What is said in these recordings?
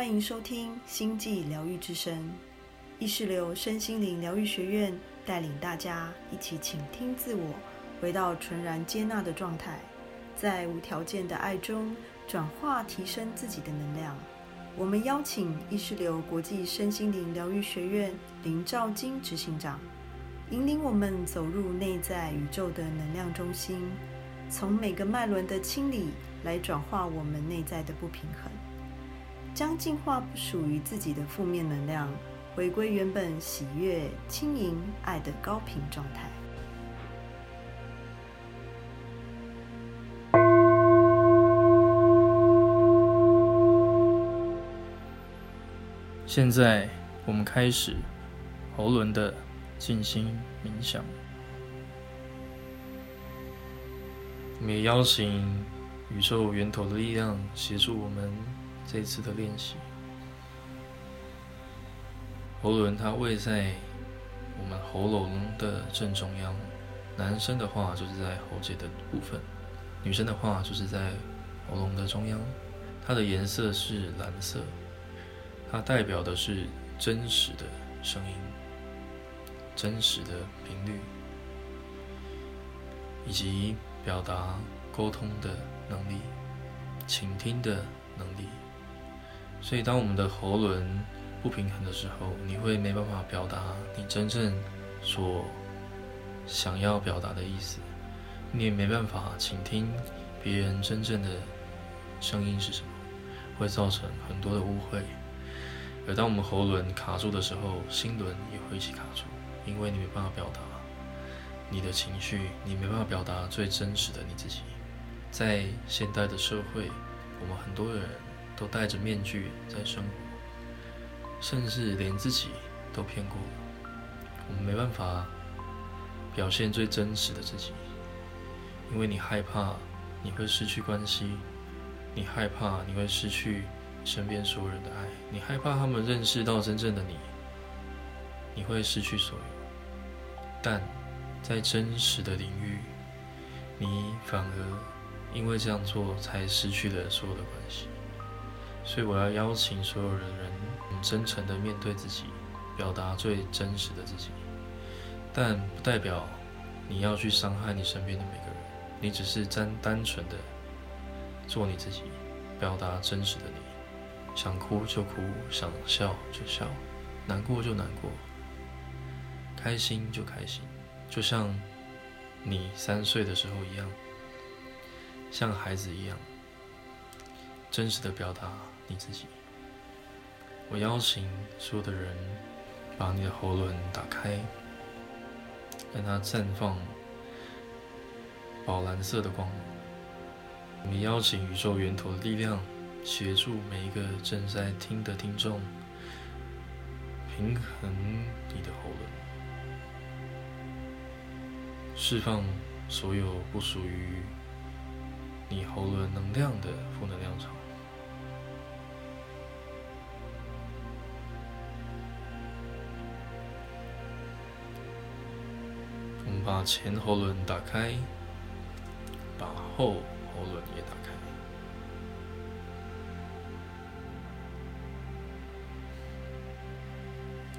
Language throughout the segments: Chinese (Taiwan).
歡迎收聽《星際療癒之聲》，藝識流身心靈療癒學院帶領大家一起傾聽自我，回到純然接納的狀態，在無條件的愛中轉化提升自己的能量。我們邀請藝識流國際身心靈療癒學院林兆金執行長，引領我們走入內在宇宙的能量中心，從每個脈輪的清理來轉化我們內在的不平衡。將淨化不屬於自己的負面能量，回歸原本喜悅、輕盈、愛的高頻狀態。現在，我們開始喉輪的靜心冥想。我們也邀請宇宙源頭的力量協助我們。這次的練習，喉輪它位在我們喉嚨的正中央。男生的話就是在喉結的部分，女生的話就是在喉嚨的中央。它的顏色是藍色，它代表的是真實的聲音、真實的頻率，以及表達、溝通的能力、傾聽的能力。所以，當我們的喉輪不平衡的時候，你會沒辦法表達你真正所想要表達的意思，你也沒辦法傾聽別人真正的聲音是什麼，會造成很多的誤會。而當我們喉輪卡住的時候，心輪也會一起卡住，因為你沒辦法表達你的情緒，你沒辦法表達最真實的你自己。在現代的社會，我們很多人，都戴着面具在生活，甚至連自己都騙過。我們沒辦法表現最真實的自己，因為你害怕你會失去關係，你害怕你會失去身邊所有人的愛，你害怕他們認識到真正的你，你會失去所有。但在真實的領域，你反而因為這樣做才失去了所有的關係。所以我要邀請所有人，人真誠的面對自己，表達最真實的自己，但不代表你要去傷害你身邊的每個人，你只是單單純的做你自己，表達真實的你，想哭就哭，想笑就笑，難過就難過，開心就開心，就像你三歲的時候一樣，像孩子一樣，真實的表達。你自己，我邀請所有的人把你的喉嚨打開，讓它綻放寶藍色的光，我們邀請宇宙源頭的力量，協助每一個正在聽的聽眾，平衡你的喉嚨，釋放所有不屬於你喉嚨能量的負能量場。把前喉輪打開，把後喉輪也打開。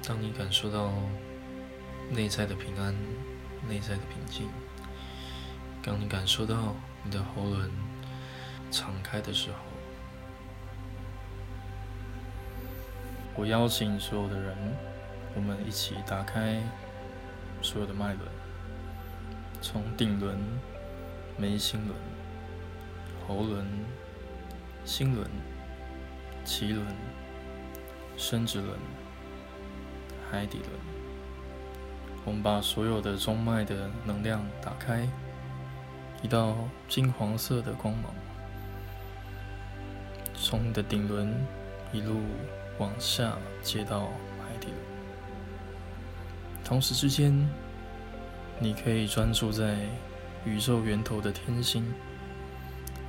當你感受到內在的平安、內在的平靜，當你感受到你的喉嚨敞開的時候，我邀請所有的人，我們一起打開所有的脈輪。從頂輪、眉心輪、喉輪、心輪、臍輪、生殖輪、海底輪，我們把所有的中脈的能量打開，一道金黃色的光芒，從你的頂輪一路往下接到海底輪，同時之間。你可以專注在宇宙源頭的天星，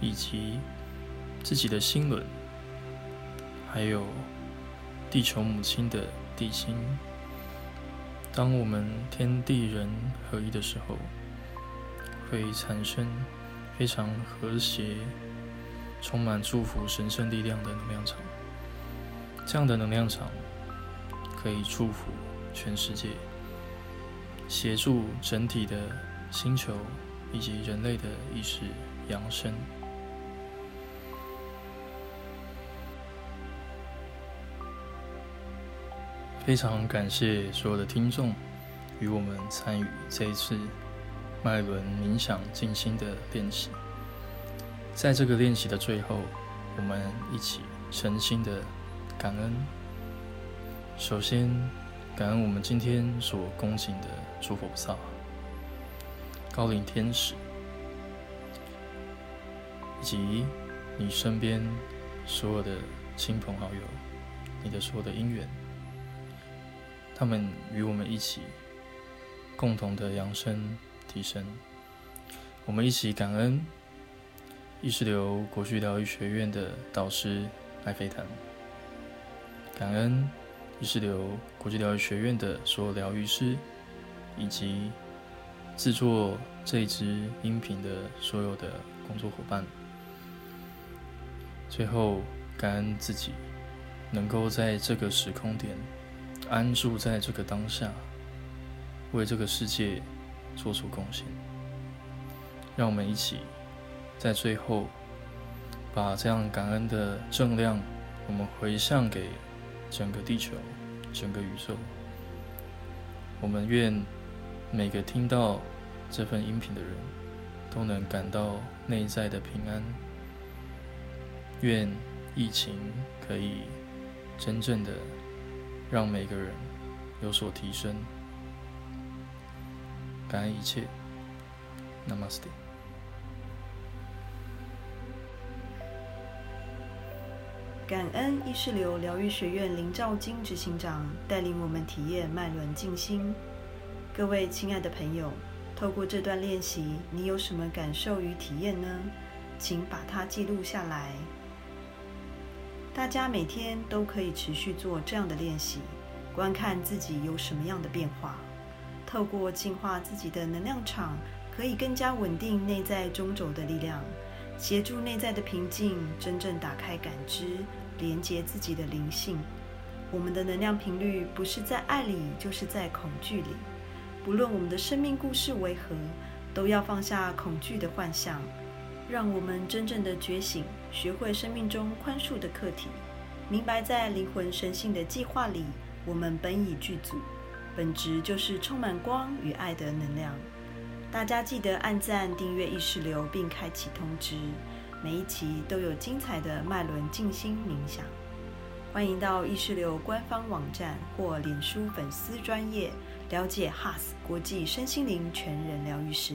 以及自己的心輪，還有地球母親的地心。當我們天地人合一的時候，會產生非常和諧、充滿祝福、神聖力量的能量場。這樣的能量場可以祝福全世界。協助整體的星球以及人類的意識揚升，非常感謝所有的聽眾與我們參與這一次脈輪冥想靜心的練習。在這個練習的最後，我們一起誠心的感恩。首先，感恩我們今天所恭請的諸佛菩薩、高靈天使，以及你身邊所有的親朋好友，你的所有的姻緣，他們與我們一起共同的揚升提升。我們一起感恩藝識流國際療癒學院的導師艾菲坦，感恩。藝識流國際療癒學院的所有療癒師，以及製作這支音頻的所有的工作夥伴。最後，感恩自己能夠在這個時空點安住在這個當下，為這個世界做出貢獻。讓我們一起在最後把這樣感恩的正量，我們回向給。整個地球，整個宇宙，我們願每個聽到這份音頻的人都能感到內在的平安。願疫情可以真正的讓每個人有所提升。感恩一切，Namaste。Nam 感恩藝識流療癒學院林兆金執行長帶領我們體驗脈輪靜心。各位親愛的朋友，透過這段練習，你有什麼感受與體驗呢？請把它記錄下來。大家每天都可以持續做這樣的練習，觀看自己有什麼樣的變化。透過淨化自己的能量場，可以更加穩定內在中軸的力量，協助內在的平靜，真正打開感知。連接自己的靈性，我們的能量頻率不是在愛裡，就是在恐懼裡。不論我們的生命故事為何，都要放下恐懼的幻象，讓我們真正的覺醒，學會生命中寬恕的課題，明白在靈魂神性的計劃裡，我們本已具足，本質就是充滿光與愛的能量。大家記得按讚、訂閱藝識流，並開啟通知。每一期都有精彩的脈輪靜心冥想，歡迎到藝識流官方網站或臉書粉絲專頁了解 HAS 國際身心靈全人療癒師。